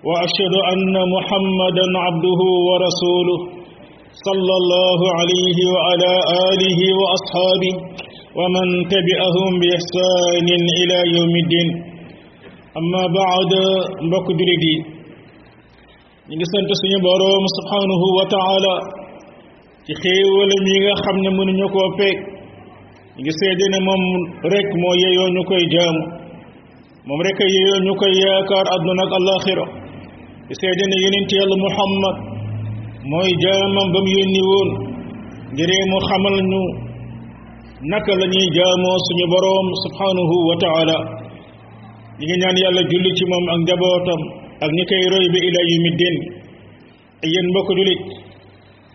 واشهد ان محمدا عبده ورسوله صلى الله عليه وعلى اله واصحابه ومن تبعهم باحسان الى يوم الدين اما بعد مكدردي ني سنت سني بروم سبحانه وتعالى تي خيول ميغا خامن من نيوكو فيك ني سيدنا موم ريك مو ييو نيوكاي جام موم ريك ييو نيوكاي ياكار ادنا الاخره di seede ne yonent yàlla muhammad mooy jaamam ba mu yónni woon ngiree mu xamal ñu naka la ñuy jaamoo suñu boroom subhanahu wa taala ñi ngi yàlla julli ci moom ak njabootam ak ñi koy roy bi ila yawmi din ak mbokk jullit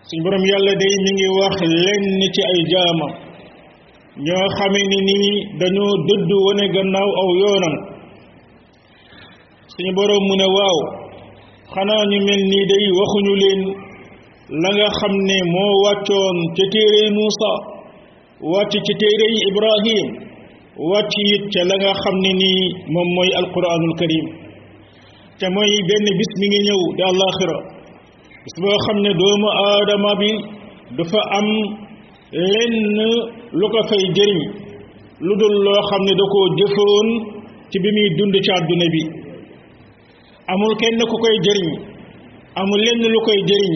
suñu boroom yàlla day mi ngi wax lenn ci ay jaamam ñoo xamee ni nii dañoo dëdd wane gannaaw aw yoonam suñu boroom mu ne waaw xanaa ñu mel nii day waxuñu leen la nga xam ne moo wàccoon ca téerey muusa wàcc ci téerey ibrahim wàcc it ca la nga xam ne nii moom mooy alquranul karim te mooy benn bis mi ngi ñëw di allaxira bis boo xam ne doomu aadama bi dafa am lenn lu ko fay jëriñ lu dul loo xam ne da koo jëfoon ci bi muy dund ci àdduna bi amul kenn ku koy jëriñ amul lenn lu koy jëriñ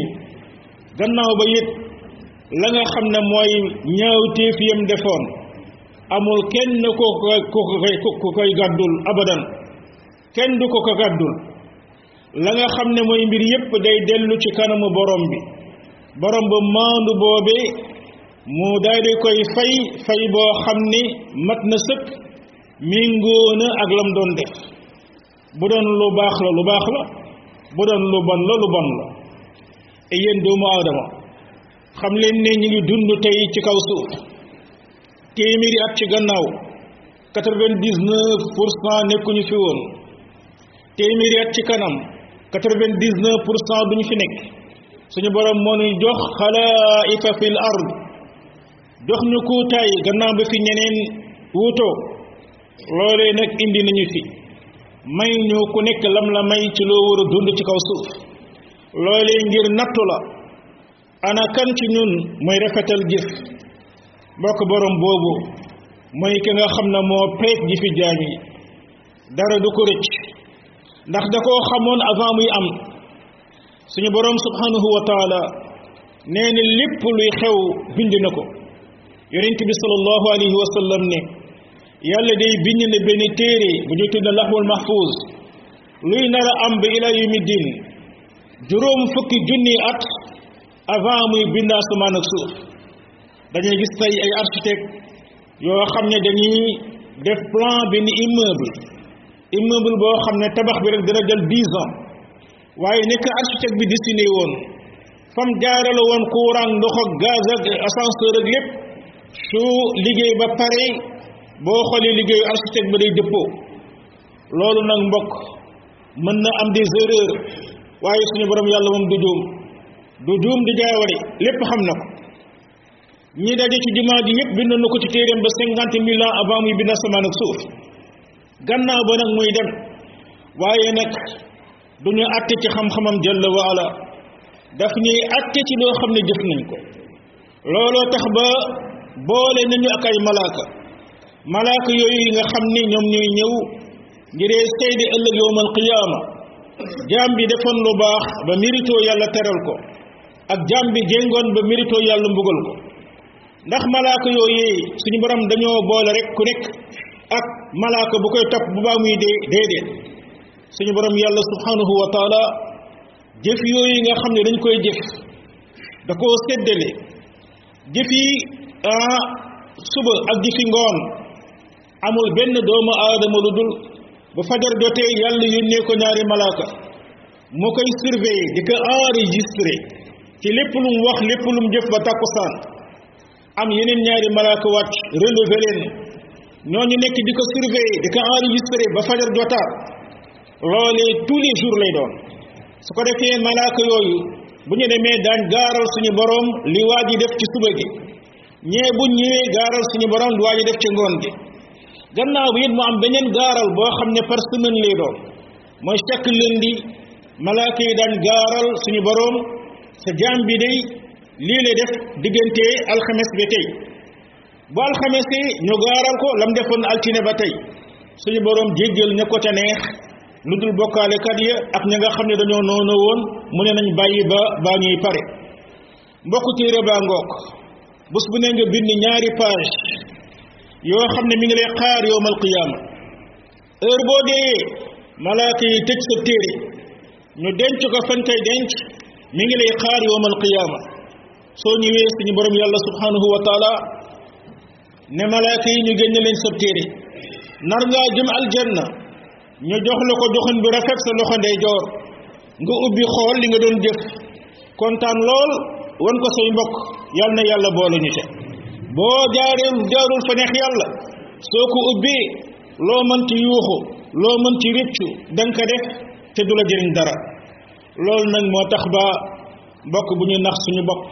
gannaaw ba it la nga xam ne mooy ñaawteef yam defoon amul kenn ku koy ku gàddul abadan kenn du ko ko gàddul la nga xam ne mooy mbir yépp day dellu ci kanamu borom bi borom ba maandu boobee mu daal di koy fay fay boo xam ni mat na sëkk méngoo na ak lam doon def bu doon lu baax la lu baax la bu doon lu bon la lu bon la te yéen doomu adama xam leen ne ñu ngi dund tey ci kaw suuf téeméeri at ci gannaaw quatre vingt dix nekkuñu fi woon téeméeri at ci kanam quatre vingt dix pour cent duñu fi nekk suñu borom moo ñu jox xalaa'ifa fil ard jox ñu kuutaay gannaaw ba fi ñeneen wuutoo loolee nag indi nañu fi may ñu ku nekk lam la may ci loo war a dund ci kaw suuf loolee ngir nattu la ana kan ci ñun mooy rafetal jëf bokk borom boobu mooy ki nga xam na moo peeg ji fi jaam dara du ko rëcc ndax da koo xamoon avant muy am suñu borom subhanahu wa taala nee na lépp luy xew bind na ko yonent bi sallallahu alayhi wa sallam ne yàlla day bind na benn téere bu ñu tudd laxwul mahfuz luy nar am ba ila yumi din juróom fukki junni at avant muy bind asamaan ak suuf dañuy gis tey ay architecte yoo xam ne dañuy def plan benn immeuble immeuble boo xam ne tabax bi rek dina jël dix ans waaye nekk architecte bi dessiné woon fam jaarale woon courant ndox ak gaz ak ascenseur ak lépp su liggéey ba pare boo xoolee liggéeyu architecte ba day dëppoo loolu nag mbokk mën na am des erreurs waaye suñu borom yàlla moom du juum du juum di jaawale lépp xam na ko ñi daje ci jumaa ji yëpp bindoon na ko ci téeréem ba cinquante mille ans avant muy bind asamaan ak suuf gannaaw ba nag muy dem waaye nag du ñu àtte ci xam-xamam jalla waala daf ñuy àtte ci loo xam ne jëf nañ ko looloo tax ba boole nañu ak ay malaaka malaaka yooyu yi nga xam ni ñoom ñooy ñëw ngiree seede ëllëg yowmal qiyaama jaam bi defoon lu baax ba méritoo yàlla teral ko ak jaam bi jéngoon ba méritoo yàlla mbugal ko ndax malaaka yooyu suñu borom dañoo boole rek ku nekk ak malaaka bu koy topp bu baa muy dee déedéet suñu borom yàlla subhanahu wa taala jëf yooyu nga xam ne dañ koy jëf da koo séddale jëf yi ah suba ak jëfi ngoon amul benn doomu aadama lu dul ba fajar jotee yàlla yónnee ko ñaari malaaka mu koy surveiller di ko enregistré ci lépp lu wax lépp lu mu jëf ba tàkkusaan am yeneen ñaari malaaka wàcc relevé leen ñu nekk di ko surveiller di ko enregistré ba fajar jotaat loolee tous les jours lay doon su ko defee malaaka yooyu bu ñu demee daan gaaral suñu borom li waa ji def ci suba gi ñee bu ñëwee gaaral suñu borom li waa ji def ci ngoon gi gannaaw bi it mu am beneen gaaral boo xam ne par semaine lay doon mooy chaque lundi malaaka yi daan gaaral suñu boroom sa jaam bi day lii lay def diggante alxames ba tey bu alxames ñu gaaral ko lam defoon altine ba tey suñu boroom jéggal ña ko ca neex lu dul bokkaalekat ya ak ña nga xam ne dañoo noonu woon mu ne nañu bàyyi ba baa ñuy pare mbokku téere baa ngoog bés bu ne nga bind ñaari page yoo xam ne mi ngi lay xaar yowm alqiyaama heure boo deeyee malaaka yi tëj sa téere ñu denc ko fan koy denc mi ngi lay xaar yowm alqiyaama soo ñëwee suñu borom yàlla subhanahu wa taala ne malaaka yi ñu génne leen sa téere nar ngaa jëm aljanna ñu jox la ko joxin bi rafet sa loxo ndeyjoor nga ubbi xool li nga doon jëf kontaan lool wan ko say mbokk yal na yàlla boole ñu ca boo jaaree jaarul fa neex yàlla soo ko ubbee loo ci yuuxu loo mënti ci da nga ko def te du la jëriñ dara loolu nag moo tax ba mbokk bu ñu nax suñu bopp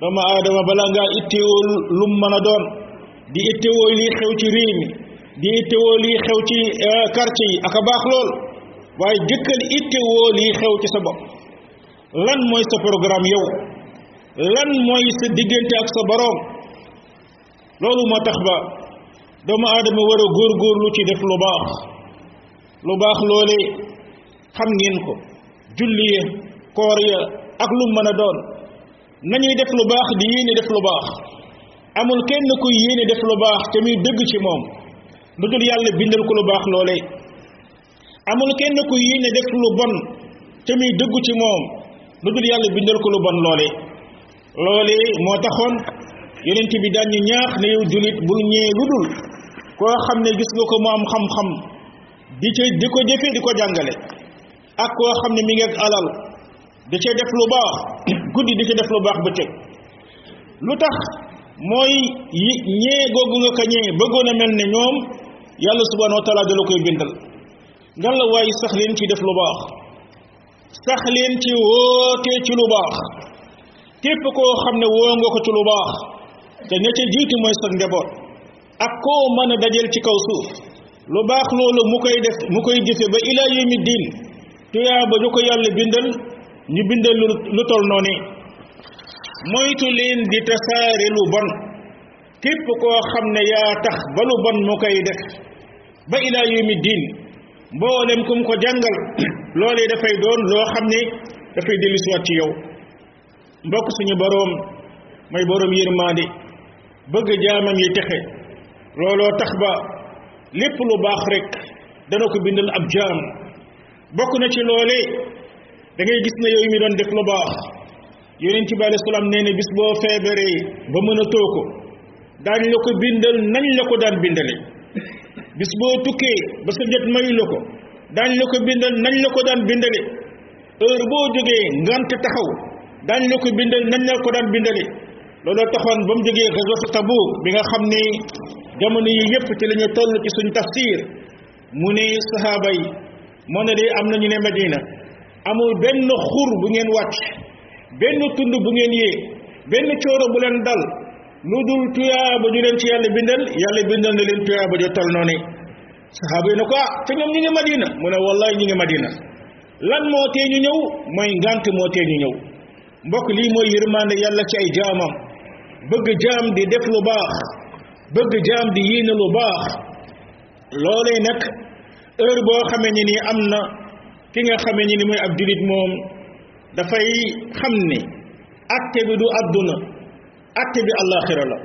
doomu aadama balaa nga ittewoo lum mu mën a doon di ittewoo lii xew ci réew mi di ittewoo lii xew ci eh, quartier yi ak a baax lool waaye jëkkal ittewoo lii xew ci sa bopp lan mooy sa programme yow lan mooy sa diggante ak sa boroom loolu moo tax ba doomu aadama war góor góorgóorlu ci def lu baax lu baax loole xam ngeen ko julli ya koor ya ak lu mën a doon nañuy def lu baax di yéene def lu baax amul kenn kuy yéene def lu baax te dëgg ci moom lu dul yàlla bindal ko lu baax loole amul kenn kuy yéene def lu bon te dëgg ci moom lu dul yàlla bindal ko lu bon loole loole moo taxoon yonent bi daan ñu ñaax ne yow jullit bul ñee lu dul koo xam ne gis nga ko mu am xam-xam di ca di ko jëfee di ko jàngale ak koo xam ne mi ngi alal di ca def lu baax guddi di ca def lu baax bëccëg lu tax mooy yi ñee googu nga ko ñee bëggoon a mel ne ñoom yàlla subhanahu wa taala dala koy bindal ngan la waaye sax leen ci def lu baax sax leen ci wootee ci lu baax képp koo xam ne woo nga ko ci lu baax te ña ca jiitu mooy sa njaboot ak koo mën a dajeel ci kaw suuf lu baax loolu mu koy def mu koy gise ba ila yawmi diin tuyaa ba ñu ko yàlla bindal ñu bindal lu tol noonu moytu leen di tasaare lu bon képp koo xam ne yaa tax ba lu bon mu koy def ba ila yawmi diin mboolem kum ko jàngal loolee dafay doon loo xam ne dafay dellusiwaat ci yow mbokk suñu boroom mooy boroom yërmaande bëgg jaamam yi texe looloo tax ba lépp lu baax rek dana ko bindal ab jaam bokk na ci loolee dangay ngay gis ne yooyu mi doon def lu baax yonent bi alayhi salaam nee ne bis boo feebaree ba mën a too ko daañ la ko bindal nañ la ko daan bindale bis boo tukkee ba sa jot mayu la ko daañ la ko bindal nañ la ko daan bindale heure boo jógee ngant taxaw daañ la ko bindal nañ la ko daan bindale loolu taxoon ba mu jógee gazwatu Tabuk bi nga xam ni jamono yi yëpp ci lañu ñu toll ci suñu tafsir mu ne sahaaba yi moo ne de am na ñu ne Madina amul benn xur bu ngeen wàcc benn tund bu ngeen yéeg benn cooro bu leen dal lu dul tuyaaba ju leen ci yàlla bindal yàlla bindal na leen tuyaaba ju toll noonu sahaaba yi ne ko ah te ñoom ñu ngi Madina mu ne wallahi ñu ngi Madina lan moo tee ñu ñëw mooy ngànt moo tee ñu ñëw mbokk lii mooy yërmande yàlla ci ay jaamam bëgg jaam di def lu baax bëgg jaam di yéene lu baax loolee nag heure boo xamee ne nii am na ki nga xamee ne ni mooy ab jullit moom dafay xam ne atte bi du àdduna atte bi àllaaxira la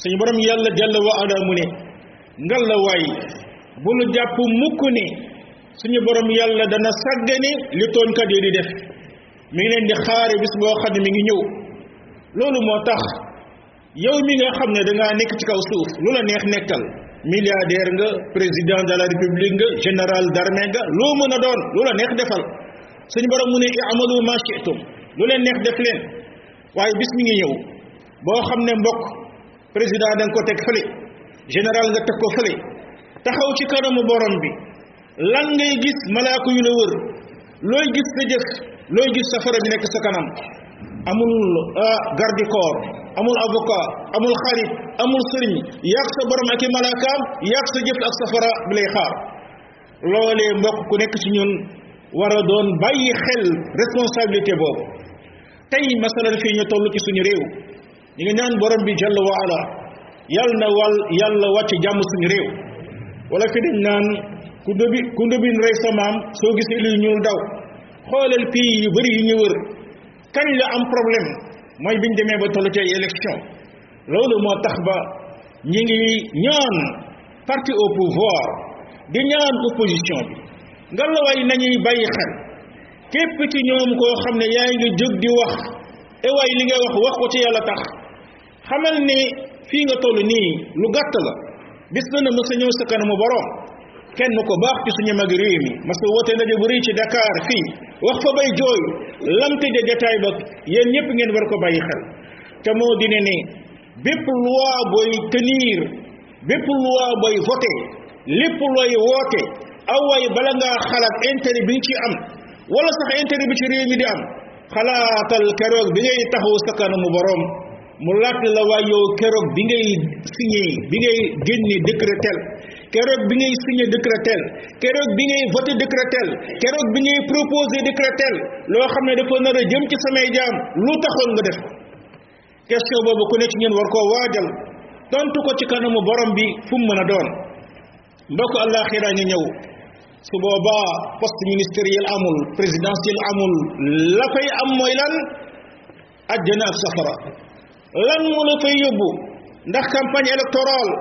suñu borom yàlla jàll wa ala mu ne ngal la waay bu jàpp mukk ne suñu borom yàlla dana sàggane li tooñkat yi di def mu ngi leen di xaare bis boo xam ne mi ngi ñëw loolu moo tax yow mi nga xam ne dangaa nekk ci kaw suuf lu la neex nekkal milliardaire nga président de la république nga général d'armée nga loo mën a doon lu la neex defal suñu borom mu ne i'malu ma shi'tum lu leen neex def leen waaye bis mi ngi ñëw boo xam ne mbokk président da ko teg fële général nga teg ko fële taxaw ci kanamu borom bi lan ngay gis malaaka yu la wër looy gis sa jëf looy gis safara bi nekk sa kanam amul euh, garde corps amul avocat amul xarit amul sëriñ yàq sa borom ak i malaakaam yàq sa jëf ak safara bi lay xaar loolee mbokk ku nekk ci ñun war a doon bàyyi xel responsabilité boobu tey masalan fii ñu toll ci suñu réew ñu ngi ñaan borom bi jalla wa ala yàlla na wàll yàlla wàcc jàmm suñu réew wala fi dañ naan ku ndëbi ku ndëbin rey sa maam soo gisee lu ñuul daw xoolal pays yu bëri yu ñu wër kañ la am problème mooy biñ demee ba tollu ci élection loolu moo tax ba ñi ngi ñaan parti au pouvoir di ñaan opposition bi nga la way nañuy bàyyi xel képp ci ñoom koo xam ne yaa ngi jóg di wax e waay li ngay wax wax ko ci yàlla tax xamal ne fii nga toll nii lu gàtt la bis dana mësa ñëw sa kanamu borom kenn ko baax ci suñu mag réew mi mas woote ndaje bu rëy ci Dakar fii wax fa bay jooy lam tëje jataay ba yéen ñëpp ngeen war ko bàyyi xel te moo di ne ne bépp loi booy tenir bépp loi booy voté lépp looy woote awaay bala ngaa xalaat intérêt bi nga ci am wala sax intérêt bi ci réew mi di am xalaatal keroog bi ngay taxaw sa mu boroom mu laaj la waa yow keroog bi ngay signé bi ngay génne décret tel kérok bi ngay signé décret tel kérok bi ngay voter décret tel kérok bi ngay proposer décret tel lo xamné dafa nara jëm ci samay jaam lu taxon nga def question bobu ku ne ci ñen war ko wajal tontu ko ci kanamu borom bi fu mu mëna doon mbokk alakhira ñu ñew su poste ministériel amul présidentiel amul la fay am moy lan aljana safara lan mo la fay yobbu ndax campagne électorale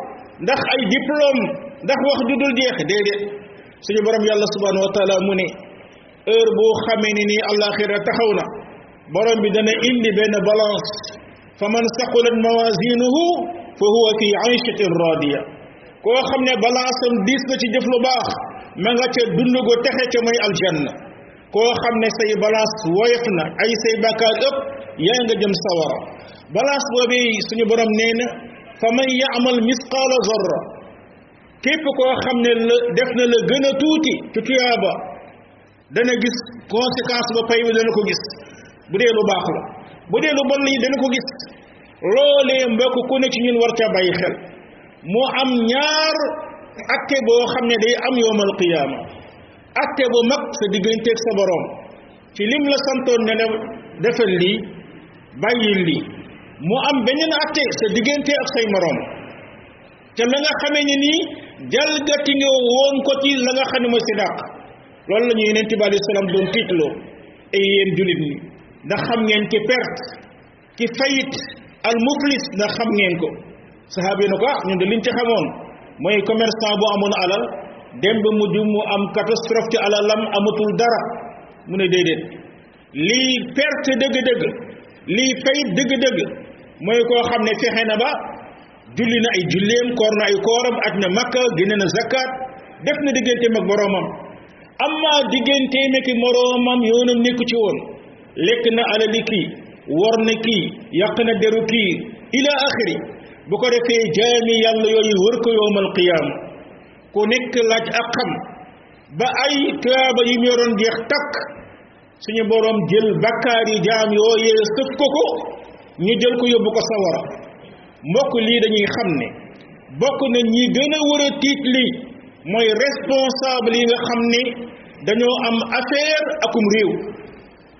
ndax ay diplôme ndax wax du dul jeex dede suñu borom yàlla subhanahu wa taala muné heure bo xamé ni ni alaxira taxaw na borom bi dana indi ben balance faman saqulat mawazinuhu fa huwa fi ayshatin radiya ko xamné balance am dis na ci jëf lu baax ma nga ci dund gu texe ci moy aljanna ko xamne say balance woyof ay say bàkkaar ëpp ya nga jëm sawara balance bobé suñu borom néna فمن يعمل مثقال ذره كيف كو خامن ديفنا لا غنا توتي تي تيابا دا نا غيس كونسيكانس با فاي ولا نكو غيس بودي لو باخلا بودي لو بون ني دا نكو غيس لولي مبك كو ني سي نين ورتا باي خيل مو ام نيار اكي بو خامن داي ام يوم القيامه اكي بو مك سا ديغنتك سا بوروم تي ليم لا سانتون ني ديفال لي باي لي mu am beneen atte sa diggante ak say morom te la nga xamee ne nii jalgati nga woon ko ci la nga xam ne mooy sidaq loolu la ñu yeneen bi alayhi salaam doon tiitloo ay yéen jullit ñi ndax xam ngeen ki perte ki fayit al muflis ndax xam ngeen ko sahaaba yi ko ah ñun de liñ ci xamoon mooy commerçant bu amoon alal dem ba mujj mu am catastrophe ci alalam amatul dara mu ne déedéet lii perte dëgg-dëgg lii fayit dëgg-dëgg mooy koo xam ne fexe na ba julli na ay julleem koor na ay kooram aj na makka génne na zakkaat def na digganteem ak boroomam amma digganteem ak moroomam yoonam nekku ci woon lekk na alali kii war na kii yàq na deru kii ila axiri bu ko defee jaami yàlla yooyu wër ko yowmal qiyaama ku nekk laaj ak xam ba ay tuyaaba yi mu yoroon jeex takk suñu boroom jël bakkaar yi jaam yooyee sëf ko ko ñu jël ko yóbbu ko sawara mbokk lii dañuy xam ne bokk na ñi gën a war a tiit lii mooy responsable yi nga xam ne dañoo am affaire akum réew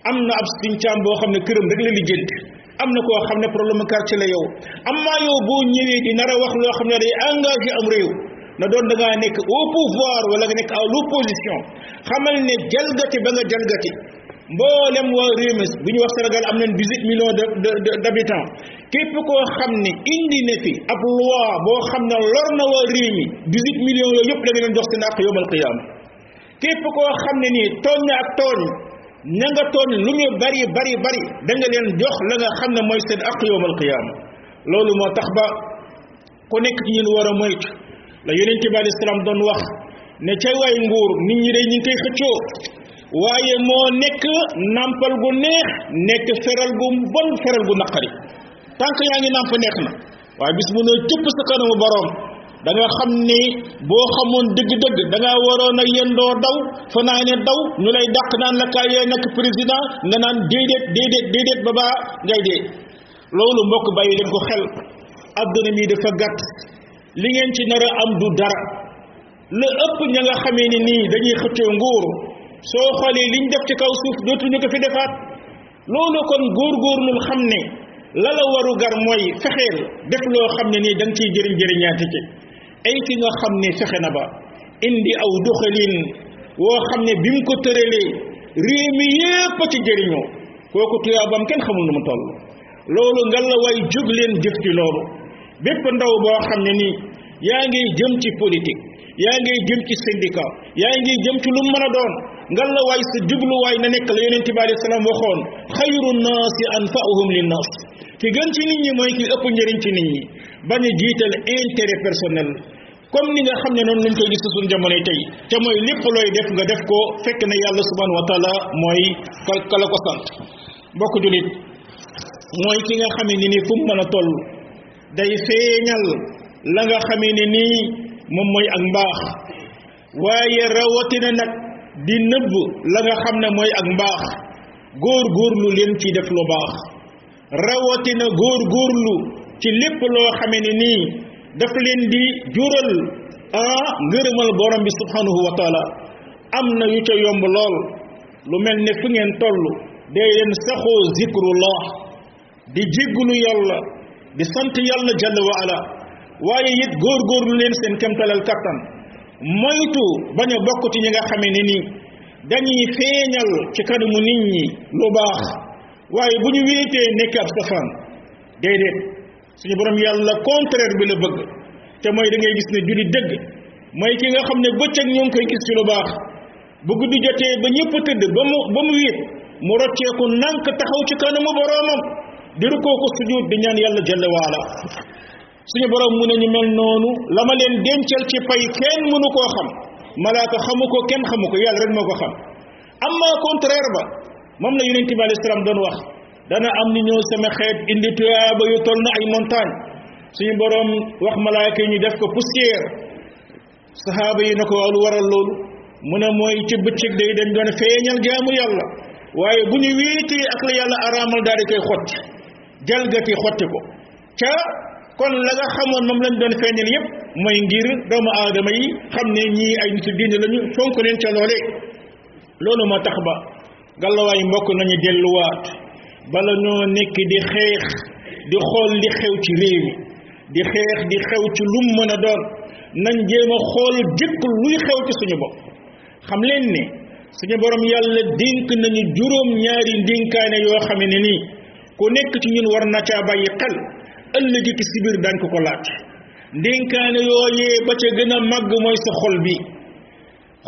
am na ab stincaam boo xam ne këram rek la lijjanti am na koo xam ne problème quartier la yow am maa yow boo ñëwee di nar a wax loo xam ne day engagé am réew na doon da nekk au pouvoir wala nga nekk à l'opposition xamal ne jalgati ba nga jalgati mboolem waa réew mi bu ñu wax Sénégal am nañ 18 millions de de d' habitants képp koo xam ne indi na fi ab loi boo xam ne lor na waa réew mi 18 millions yooyu yëpp da nga leen jox seen àq yawmal qiyaama képp koo xam ne nii tooñ na ak tooñ na nga tooñ lu ñu bari bari bari da nga leen jox la nga xam ne mooy seen àq yawmal qiyaama loolu moo tax ba ku nekk ci ñun war a moytu la Yonent bi alayhi salaam doon wax ne cay waay nguur nit ñi day ñu ngi koy xëccoo. waaye moo nekk nàmpal gu neex nekk feral gu bon feral gu naqari tànk yaa ngi nàmp neex na waaye bis mu ne cëpp sa kanamu boroom da nga xam ni boo xamoon dëgg-dëgg da nga waroon a yendoo daw fanaane daw ñu lay dàq naan la kaay yooy nekk président nga naan déedéet déedéet déedéet ba baa ngay dee loolu mbokk bàyyi leen ko xel adduna mi dafa gàtt li ngeen ci nar a am du dara la ëpp ña nga xamee ni nii dañuy xëccoo nguur soo xoolee liñ def ci kaw suuf dootuñu ko fi defaat loolu kon góor góorgóorlul xam ne la la waru gar mooy fexeel def loo xam ne nii da nga ciy jëriñ jëriñaati ci ay ki nga xam ne fexe na ba indi aw doxalin woo xam ne bi mu ko tëralee réew mi yépp a ci jëriñoo kooku tuyaabam kenn xamul nu mu toll loolu nga la way jóg leen jëf ci loolu bépp ndaw boo xam ne nii yaa ngi jëm ci politique yaa ngi jëm ci syndicat yaa ngi jëm ci lu mën a doon ngal la waay sa jubluwaay na nekk la yonent bi alayhi salaam waxoon xayru naasi anfa'uhum linnaas ki gën ci nit ñi mooy ki ëpp njëriñ ci nit ñi bañ a jiital intérêt personnel comme ni nga xam ne noonu lañ koy gis suñu jamonoy tey te mooy lépp looy def nga def ko fekk na yàlla subhanahu wa taala mooy ka la ko sant mbokk julit mooy ki nga xamee ni ni fu mën a toll day feeñal la nga xamee nii moom mooy ak mbaax waaye rawatina nag di nëbb la nga xam ne mooy ak mbaax góor góorlu leen ci def lu baax rawatina góor góorlu ci lépp loo xamee ne nii daf leen di jural aa ngërëmal borom bi subhanahu wa taala am na yu ca yomb lool lu mel ni fu ngeen toll day leen saxoo zikrullah di jéggulu yàlla di sant yàlla jalla wa ala waaye góor góorgóorlu leen seen kemtalal kattan moytu bañ a bokk ci ñi nga xamee ne ni dañuy feeñal ci kanamu nit ñi lu baax waaye bu ñu wéetee nekk ab safaan déedéet suñu borom yàlla contraire bi la bëgg te mooy da ngay gis ne julli dëgg mooy ci nga xam ne bëccëg ñoo ngi koy gis ci lu baax bu guddi jotee ba ñëpp tëdd ba mu ba mu wéet mu rocceeku nank taxaw ci kanamu boroomam di rukkoo ko sujud di ñaan yàlla jalla waala suñu borom mu ne ñu mel noonu la ma leen dencal ci pay kenn mënu koo xam malaaka xamu ko kenn xamu ko yàlla rek moo ko xam amma contraire ba moom la yonente bi alayhi salaam doon wax dana am ni ñëw sama xeet indi ba yu toll na ay montagne suñu borom wax malaaka yi ñu def ko poussière sahaaba yi na ko lu waral loolu mu ne mooy ci bëccëg day dañ doon feeñal jaamu yàlla waaye bu ñu wéetee ak la yàlla araamal daal di koy xotti jalgati xotti ko kon la nga xamoon moom lañu doon feeñal yépp mooy ngir doomu aadama yi xam ne ñii ay nitu diine lañu fonk leen ca loolee loolu moo tax ba gàllawaay mbokk nañu delluwaat bala ñoo nekk di xeex di xool li xew ci réew mi di xeex di xew ci lum mën a doon nañ jéem a xool jëkk luy xew ci suñu bopp xam leen ne suñu borom yàlla dink nañu juróom ñaari ndénkaane yoo xam ne nii ku nekk ci ñun war na ca bàyyi xel ëllëgi ki si biir dañ ko ko laaj ndénkaane yooyee ba ca gën a màgg mooy sa xol bi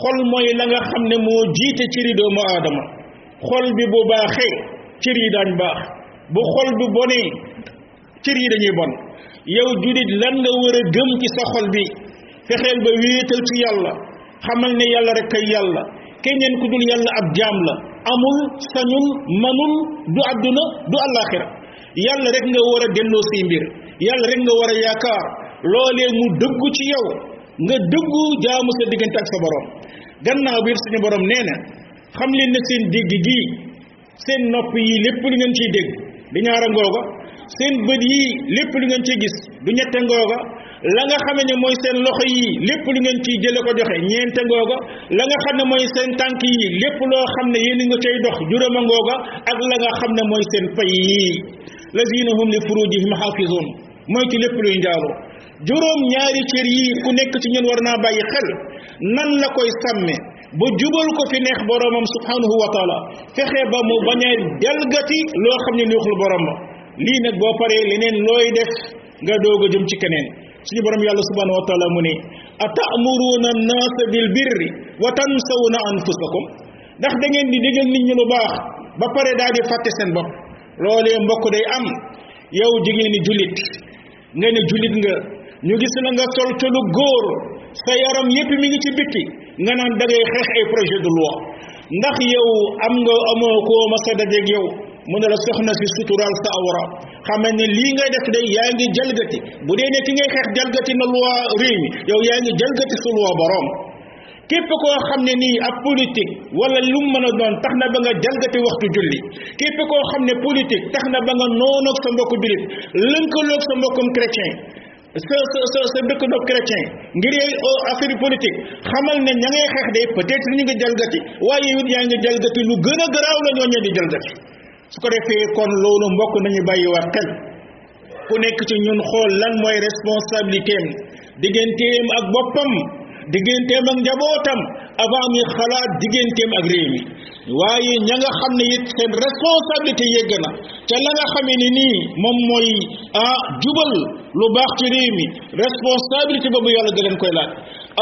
xol mooy la nga xam ne moo jiite cëri doomu aadama xol bi bu baaxee cër yi daañ baax bu xol bi yi dañuy bon yow julit lan nga war a gëm ci sa xol bi fexeel ba wéetal ci yàlla xamal ne yàlla rek kay yàlla keneen ku dul yàlla ab jaam la amul sañul manul du àdduna du àllaaxira yàlla rek nga war a delloo say mbir yàlla rek nga war a yaakaar loolee mu dëggu ci yow nga dëggu jaamu sa diggante ak sa borom gannaaw bi yëpp suñu borom nee na xam leen ne seen dégg gii seen nopp yi lépp lu ngeen ciy dégg du ñaara ngooga seen bët lépp lu ngeen ciy gis du ñette ngooga la nga xame ne mooy seen loxo yi lépp lu ngeen ciy jële ko joxe ñeente ngooga la nga xam ne mooy seen tànk yi lépp loo xam ne yéen nga cay dox juróoma ngooga ak la nga xam ne mooy seen pay yi lazina hum li furujihim xaafizun moytu lépp luy njaaloo juróom ñaari cër yi ku nekk ci ñun war naa bàyyi xel nan la koy sàmme ba jubal ko fi neex boromam subhanahu wa taala fexe ba mu bañ a delgati loo xam ne luuxul borom ba lii nag boo paree leneen looy def nga doog a jëm ci keneen suñu borom yàlla subhanahu wa taala mu ne ata'muruna an-naasa bil birri wa tansawna anfusakum ndax da ngeen di digal nit ñi lu baax ba pare daal di fàtte seen bopp loole mbokk day am yow jigéeni jullit nga ne jullit nga ñu gis na nga sol ca góor sa yaram yépp mi ngi ci bitti nga naan da xeex ay projet de loi ndax yow am nga amoo koo ma sa dajeeg yow mu ne la soxna si suturaal sa awra xam ne lii ngay def day yaa ngi jalgati bu dee ne ki ngay xeex jalgati na loi réew mi yow yaa ngi jalgati su loi borom képp koo xam ne nii ab politique wala lu mu mën a doon tax na ba nga jalgati waxtu julli képp koo xam ne politique tax na ba nga noonoog sa mbokku jullit lënkaloog sa mbokkum chrétien sa sa sa sa dëkkandoo chrétien ngir oh, affaire politique xamal ne ña ngay xeex de peut-être ñu ngi jalgati waaye it yaa ngi jalgati lu gën a garaaw la ñoo ñee di jalgati su ko defee kon loolu mbokk nañu bàyyi wax xel ku nekk ci ñun xool lan mooy responsabilité am digganteem ak boppam digganteem ak njabootam avant muy xalaat digganteem ak réew mi waaye ña nga xam ne it seen responsabilité yegg na ca la nga xamee ni nii moom mooy ah jubal lu baax ci réew mi responsabilité boobu yàlla la leen koy laal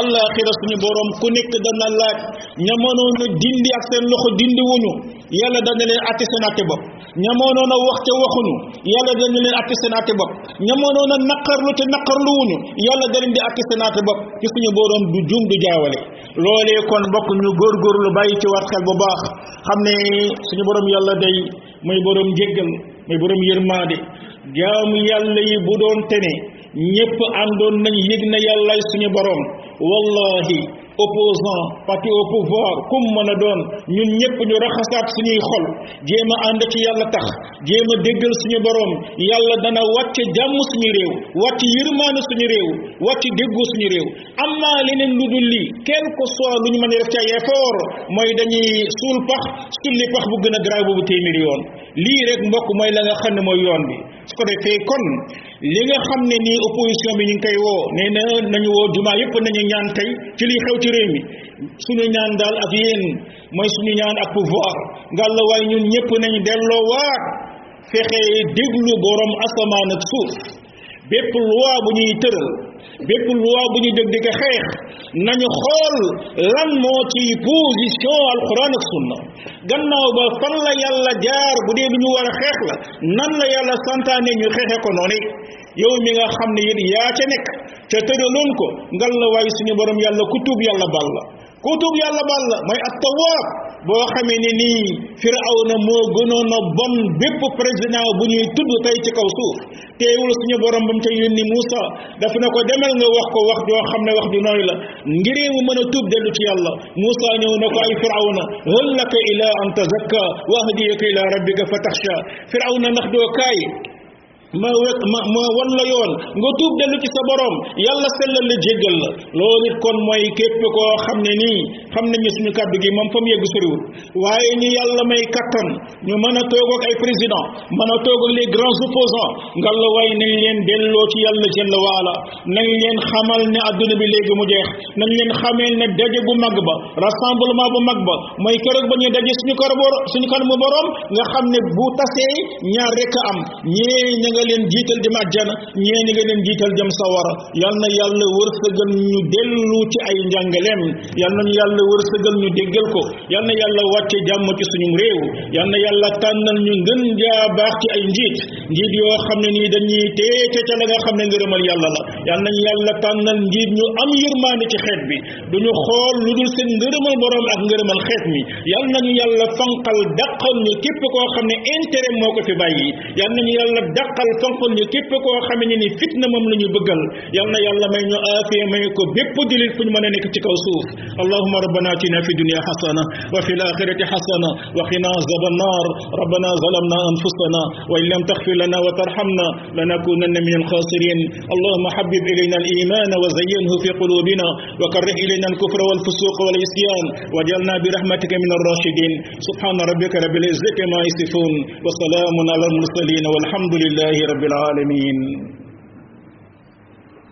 allaaxira suñu boroom ku nekk dana laaj ña mënoon a dindi ak seen loxo dindi wuñu yàlla dana leen àtte seen àtte bopp ña mënoon a wax ca waxuñu yàlla dana leen àtte seen àtte bopp ña mënoon a naqarlu te naqarlu wuñu yàlla dana leen di àtte seen àtte bopp ci suñu boroom du juum du jaawale loolee kon bokk ñu góorgóorlu bàyyi ci war xel bu baax xam ne suñu boroom yàlla day muy boroom njéggal muy boroom yërmaande jaamu yàlla yi bu doon tene ñépp àndoon nañu yëg na yàllaay suñu boroom wallahi opposant parti au pouvoir kum mën a doon ñun ñëpp ñu raxasaat ñuy xol jéem a ànd ci yàlla tax jéem a déggal suñu boroom yàlla dana wàcc jàmm suñu réew wàcc yërmaane suñu réew wàcc déggu suñu réew amma leneen lu dul li kenn ko soit lu ñu mën a def ca ay effort mooy dañuy suul pax sulli pax bu gën a garaaw boobu téeméeri yoon lii rek mbokk mooy la nga xam ne mooy yoon bi su ko defee kon li nga xam ne nii opposition bi ñu ngi koy woo nee na nañu woo jumaa yëpp nañu ñaan tey ci liy xew ci réew mi suñu ñaan daal ak yéen mooy suñu ñaan ak pouvoir ngal la waaye ñun ñëpp nañ delloo waat fexe déglu borom asamaan ak suuf bépp loi bu ñuy tëral bépp loi bu ñu jóg di xeex nañu xool lan moo ci position alquran ak sunna gannaaw ba fan la yàlla jaar bu dee lu ñu war a xeex la nan la yàlla santaane ñu xeexe ko noonu yow mi nga xam ne yéen yaa ca nekk te tëraloon ko ngal la waaye suñu boroom yàlla ku tuub yàlla baal la ku yàlla baal la at tawaab bo xamene ni fir'auna mo moo gënoon bon bépp président bu ñuy tuddu tay ci kaw suuf teewul suñu borom ba mu ca yónni Moussa daf na ko demal nga wax ko wax joo xamne wax ju noy la ngiré mu mëna tuub delu ci yàlla Musa ñëw na ko ay fir'auna hal ila an tazakka wahdiyaka ila rabbika fatakhsha fir'auna nakh do kay ma ma ma wan la yoon nga tuub dellu ci sa borom yàlla sellal la jéggal la loolu it kon mooy képp koo xam ne nii xam nañ ne suñu kàddu gi moom fa mu yegg soriwul waaye ñu yàlla may kattan ñu mën a toog ak ay président mën a toog ak les grands opposants nga la way nañ leen delloo ci yàlla jël waala nañ leen xamal ne adduna bi léegi mu jeex nañ leen xameel ne daje bu mag ba rassemblement bu mag ba mooy keroog ba ñuy daje suñu kar suñu kanamu borom nga xam ne bu tasee ñaar rek a nga leen jiital jëm àjjana ñeeni nga leen jiital jëm sawara yal na yàlla wërsëgal ñu dellu ci ay njàngaleem yal nañu yàlla wërsëgal ñu déggal ko yal na yàlla wàcce jàmm ci suñu réew yal na yàlla tànnal ñu ngën jaa baax ci ay njiit njiit yoo xam ne nii dañuy teete ca la nga xam ne ngërëmal yàlla la yal nañu yàlla tànnal njiit ñu am yërmaande ci xeet bi duñu xool lu dul seen ngërëmal borom ak ngërëmal xeet mi yal nañu yàlla fanqal dàqal ñu képp koo xam ne ko fi bàyyi yal nañu waaye toppal ñu képp koo xam ne ni fitna moom la ñu bëggal yal na yàlla may ñu aafiya may ko bépp julit fu ñu mën a nekk ci kaw suuf allahuma rabbana atina fi dunia xasana wa fi laxirati xasana wa qina azab annar rabbana zalamna anfusana wa in lam taxfir lana wa tarhamna lanakunanna min alxasirin allahuma xabib ilayna aliman wa zayinhu fi qulubina wa karrih ilayna alkufra والفسوق والعصيان واجعلنا برحمتك من الراشدين سبحان ربك رب العزة ما يصفون وسلام على المرسلين والحمد لله رب العالمين